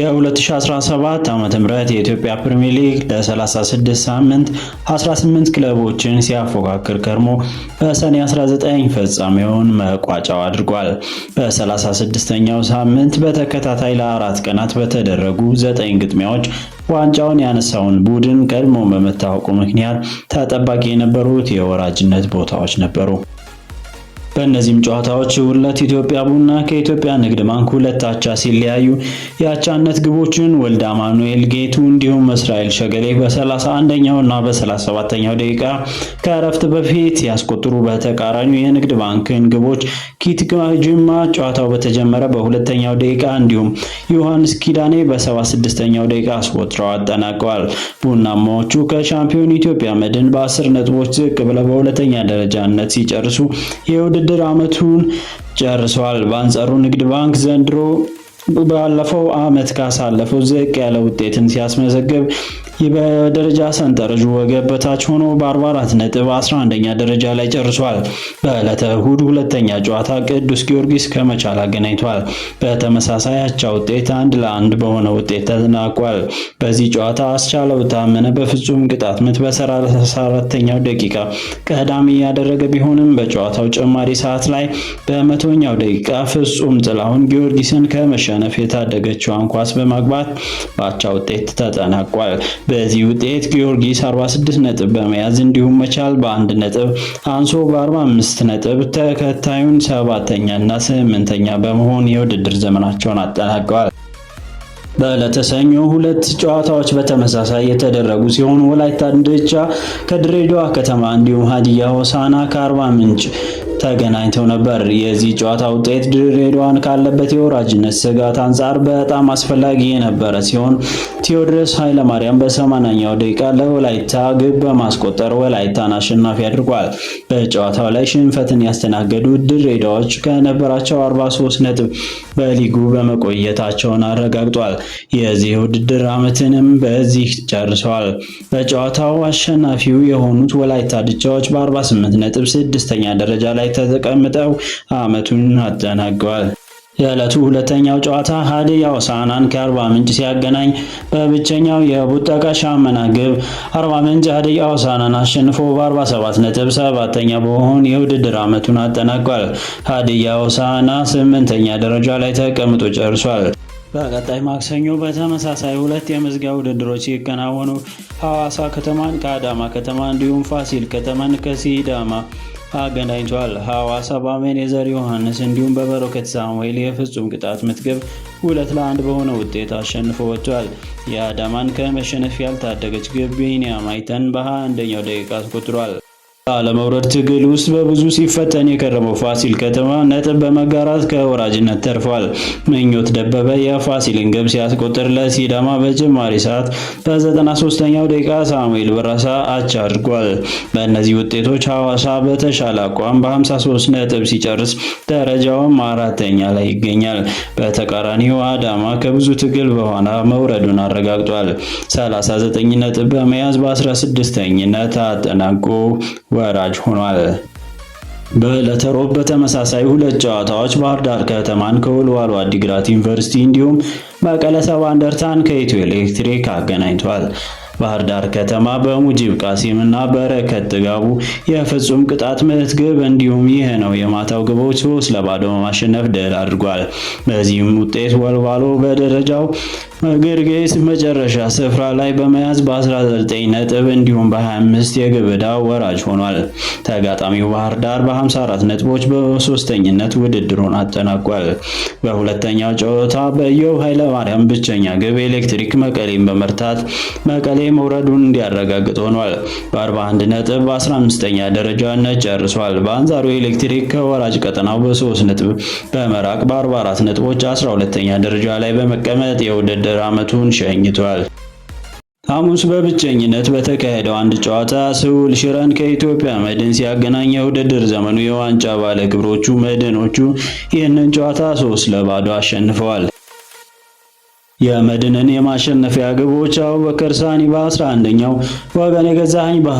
የ2017 ዓ.ም የኢትዮጵያ ፕሪሚየር ሊግ ለ36 ሳምንት 18 ክለቦችን ሲያፎካክር ከርሞ በሰኔ 19 ፍጻሜውን መቋጫው አድርጓል። በ36ኛው ሳምንት በተከታታይ ለአራት ቀናት በተደረጉ ዘጠኝ ግጥሚያዎች ዋንጫውን ያነሳውን ቡድን ቀድሞ በመታወቁ ምክንያት ተጠባቂ የነበሩት የወራጅነት ቦታዎች ነበሩ። በእነዚህም ጨዋታዎች ሁለት ኢትዮጵያ ቡና ከኢትዮጵያ ንግድ ባንክ ሁለት አቻ ሲለያዩ የአቻነት ግቦችን ወልድ አማኑኤል ጌቱ እንዲሁም እስራኤል ሸገሌ በ31ኛው እና በ37ኛው ደቂቃ ከእረፍት በፊት ያስቆጥሩ። በተቃራኒ የንግድ ባንክን ግቦች ኪት ጅማ ጨዋታው በተጀመረ በሁለተኛው ደቂቃ እንዲሁም ዮሐንስ ኪዳኔ በ76ኛው ደቂቃ አስቆጥረው አጠናቀዋል። ቡናማዎቹ ከሻምፒዮን ኢትዮጵያ መድን በ10 ነጥቦች ዝቅ ብለው በሁለተኛ ደረጃነት ሲጨርሱ የውድድ የውድድር ዓመቱን ጨርሷል። በአንጻሩ ንግድ ባንክ ዘንድሮ ባለፈው ዓመት ካሳለፈው ዝቅ ያለ ውጤትን ሲያስመዘግብ በደረጃ ሰንጠረዡ ወገብ በታች ሆኖ በ44 ነጥብ 11ኛ ደረጃ ላይ ጨርሷል። በዕለተ እሁድ ሁለተኛ ጨዋታ ቅዱስ ጊዮርጊስ ከመቻል አገናኝቷል። በተመሳሳይ አቻ ውጤት አንድ ለአንድ በሆነ ውጤት ተጠናቋል። በዚህ ጨዋታ አስቻለው ታመነ በፍጹም ቅጣት ምት በ34ኛው ደቂቃ ቀዳሚ ያደረገ ቢሆንም በጨዋታው ጨማሪ ሰዓት ላይ በመቶኛው ደቂቃ ፍጹም ጥላሁን ጊዮርጊስን ከመሸነፍ የታደገችዋን ኳስ በማግባት በአቻ ውጤት ተጠናቋል። በዚህ ውጤት ጊዮርጊስ 46 ነጥብ በመያዝ እንዲሁም መቻል በአንድ ነጥብ አንሶ በ45 ነጥብ ተከታዩን እና ስምንተኛ በመሆን የውድድር ዘመናቸውን አጠናቀዋል። በለተሰኞ ሁለት ጨዋታዎች በተመሳሳይ የተደረጉ ሲሆን ወላይታ ድቻ ከድሬዳዋ ከተማ እንዲሁም ሀዲያ ሆሳና ከአርባ ምንጭ ተገናኝተው ነበር። የዚህ ጨዋታ ውጤት ድሬዳዋን ካለበት የወራጅነት ስጋት አንጻር በጣም አስፈላጊ የነበረ ሲሆን ቴዎድሮስ ኃይለማርያም በ8ኛው ደቂቃ ለወላይታ ግብ በማስቆጠር ወላይታን አሸናፊ አድርጓል። በጨዋታው ላይ ሽንፈትን ያስተናገዱት ድሬዳዎች ከነበራቸው 43 ነጥብ በሊጉ በመቆየታቸውን አረጋግጧል። የዚህ ውድድር ዓመትንም በዚህ ጨርሰዋል። በጨዋታው አሸናፊው የሆኑት ወላይታ ድቻዎች በ48 ነጥብ ስድስተኛ ደረጃ ላይ ተቀምጠው ዓመቱን አጠናቀዋል። የዕለቱ ሁለተኛው ጨዋታ ሀዲያ ሆሳዕናን ከአርባ ምንጭ ሲያገናኝ በብቸኛው የቡጠቃ ሻመና ግብ አርባ ምንጭ ሀዲያ ሆሳዕናን አሸንፎ በ47 ነጥብ ሰባተኛ በመሆን የውድድር ዓመቱን አጠናቋል። ሀዲያ ሆሳዕና ስምንተኛ ደረጃ ላይ ተቀምጦ ጨርሷል። በቀጣይ ማክሰኞ በተመሳሳይ ሁለት የመዝጊያ ውድድሮች ሲከናወኑ ሐዋሳ ከተማን ከአዳማ ከተማ እንዲሁም ፋሲል ከተማን ከሲዳማ አገናኝቷል። ሐዋሳ በአሜን የዘር ዮሐንስ እንዲሁም በበረከት ሳሙኤል የፍጹም ቅጣት ምትግብ ሁለት ለአንድ በሆነ ውጤት አሸንፎ ወጥቷል። የአዳማን ከመሸነፍ ያልታደገች ግብ ቢኒያም አይተን በ21ኛው ደቂቃ አስቆጥሯል። ለመውረድ ትግል ውስጥ በብዙ ሲፈተን የከረመው ፋሲል ከተማ ነጥብ በመጋራት ከወራጅነት ተርፏል። ምኞት ደበበ የፋሲልን ግብ ሲያስቆጥር ለሲዳማ በጭማሪ ሰዓት በ93ኛው ደቂቃ ሳሙኤል በራሳ አቻ አድርጓል። በእነዚህ ውጤቶች ሐዋሳ በተሻለ አቋም በ53 ነጥብ ሲጨርስ ደረጃውም አራተኛ ላይ ይገኛል። በተቃራኒው አዳማ ከብዙ ትግል በኋላ መውረዱን አረጋግጧል። 39 ነጥብ በመያዝ በ16ኝነት አጠናቆ ወራጅ ሆኗል። በዕለተ ሮብ በተመሳሳይ ሁለት ጨዋታዎች ባህር ዳር ከተማን ከወልዋሎ አዲግራት ዩኒቨርሲቲ እንዲሁም መቀለ ሰባ እንደርታን ከኢትዮ ኤሌክትሪክ አገናኝቷል። ባህር ዳር ከተማ በሙጂብ ቃሲም እና በረከት ጥጋቡ የፍጹም ቅጣት ምት ግብ እንዲሁም ይህ ነው የማታው ግቦች ሶስት ለባዶ በማሸነፍ ድል አድርጓል። በዚህም ውጤት ወልዋሎ በደረጃው ግርጌስ መጨረሻ ስፍራ ላይ በመያዝ በ19 ነጥብ እንዲሁም በ25 የግብ ዕዳ ወራጅ ሆኗል። ተጋጣሚው ባህር ዳር በ54 ነጥቦች በሶስተኝነት ውድድሩን አጠናቋል። በሁለተኛው ጨዋታ በየው ኃይለማርያም ብቸኛ ግብ ኤሌክትሪክ መቀሌን በመርታት መቀሌ መውረዱን እንዲያረጋግጥ ሆኗል። በ41 ነጥብ በ15ኛ ደረጃነት ጨርሷል። በአንጻሩ ኤሌክትሪክ ከወራጅ ቀጠናው በ3 ነጥብ በመራቅ በ44 ነጥቦች 12ኛ ደረጃ ላይ በመቀመጥ የውድድር ዓመቱን ሸኝቷል። ሐሙስ በብቸኝነት በተካሄደው አንድ ጨዋታ ስውል ሽረን ከኢትዮጵያ መድን ሲያገናኝ የውድድር ዘመኑ የዋንጫ ባለ ክብሮቹ መድኖቹ ይህንን ጨዋታ ሶስት ለባዶ አሸንፈዋል። የመድንን የማሸነፊያ ግቦች አቡበከር ሳኒ በ11ኛው ዋጋን የገዛኸኝ በ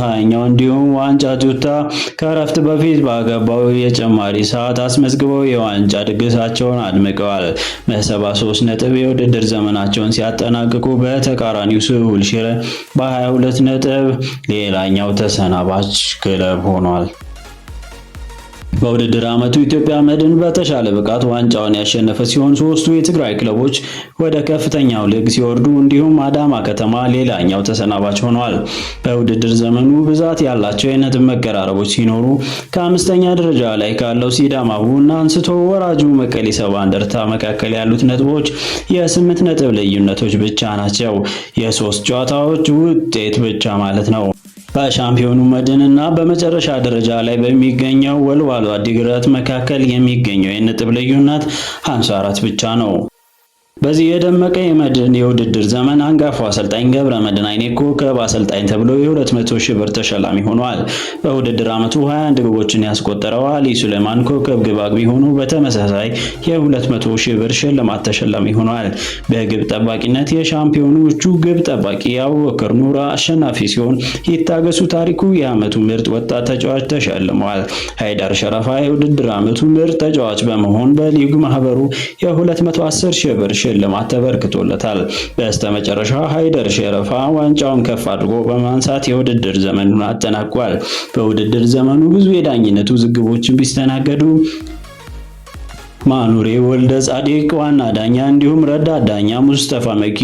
እንዲሁም ዋንጫ ቱታ ከእረፍት በፊት ባገባው የጨማሪ ሰዓት አስመዝግበው የዋንጫ ድግሳቸውን አድምቀዋል። በ73 ነጥብ የውድድር ዘመናቸውን ሲያጠናቅቁ በተቃራኒው ስሁል ሽረ በ22 ነጥብ ሌላኛው ተሰናባች ክለብ ሆኗል። በውድድር ዓመቱ ኢትዮጵያ መድን በተሻለ ብቃት ዋንጫውን ያሸነፈ ሲሆን ሶስቱ የትግራይ ክለቦች ወደ ከፍተኛው ሊግ ሲወርዱ እንዲሁም አዳማ ከተማ ሌላኛው ተሰናባች ሆኗል። በውድድር ዘመኑ ብዛት ያላቸው የነጥብ መቀራረቦች ሲኖሩ ከአምስተኛ ደረጃ ላይ ካለው ሲዳማ ቡና አንስቶ ወራጁ መቀሌ ሰባ እንደርታ መካከል ያሉት ነጥቦች የስምንት ነጥብ ልዩነቶች ብቻ ናቸው። የሶስት ጨዋታዎች ውጤት ብቻ ማለት ነው። መድን መድንና በመጨረሻ ደረጃ ላይ በሚገኘው ወልዋሎ ዓዲግራት መካከል የሚገኘው የነጥብ ልዩነት 54 ብቻ ነው። በዚህ የደመቀ የመድን የውድድር ዘመን አንጋፋው አሰልጣኝ ገብረ መድን አይኔ ኮከብ አሰልጣኝ ተብሎ የ200 ሺህ ብር ተሸላሚ ሆኗል። በውድድር ዓመቱ 21 ግቦችን ያስቆጠረው አሊ ሱሌማን ኮከብ ግብ አግቢ ሆኖ በተመሳሳይ የ200 ሺህ ብር ሽልማት ተሸላሚ ሆኗል። በግብ ጠባቂነት የሻምፒዮኖቹ ግብ ጠባቂ አቡበከር ኑራ አሸናፊ ሲሆን ይታገሱ ታሪኩ የዓመቱ ምርጥ ወጣት ተጫዋች ተሸልመዋል። ሀይዳር ሸረፋ የውድድር ዓመቱ ምርጥ ተጫዋች በመሆን በሊግ ማህበሩ የ210 ሺህ ብር ሽልማት ተበርክቶለታል። በስተመጨረሻ ሃይደር ሸረፋ ዋንጫውን ከፍ አድርጎ በማንሳት የውድድር ዘመኑን አጠናቋል። በውድድር ዘመኑ ብዙ የዳኝነት ውዝግቦችን ቢስተናገዱ ማኑሬ ወልደ ጻዲቅ ዋና ዳኛ እንዲሁም ረዳት ዳኛ ሙስተፋ መኪ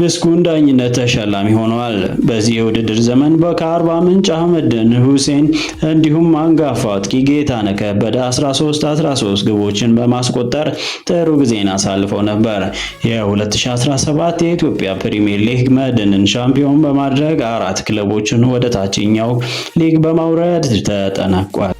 ብስኩን ዳኝነት ተሸላሚ ሆነዋል። በዚህ የውድድር ዘመን ከአርባ ምንጭ አህመድን ሁሴን እንዲሁም አንጋፋ አጥቂ ጌታነህ ከበደ 13 13 ግቦችን በማስቆጠር ጥሩ ጊዜን አሳልፈው ነበር። የ2017 የኢትዮጵያ ፕሪሚየር ሊግ መድንን ሻምፒዮን በማድረግ አራት ክለቦችን ወደ ታችኛው ሊግ በማውረድ ተጠናቋል።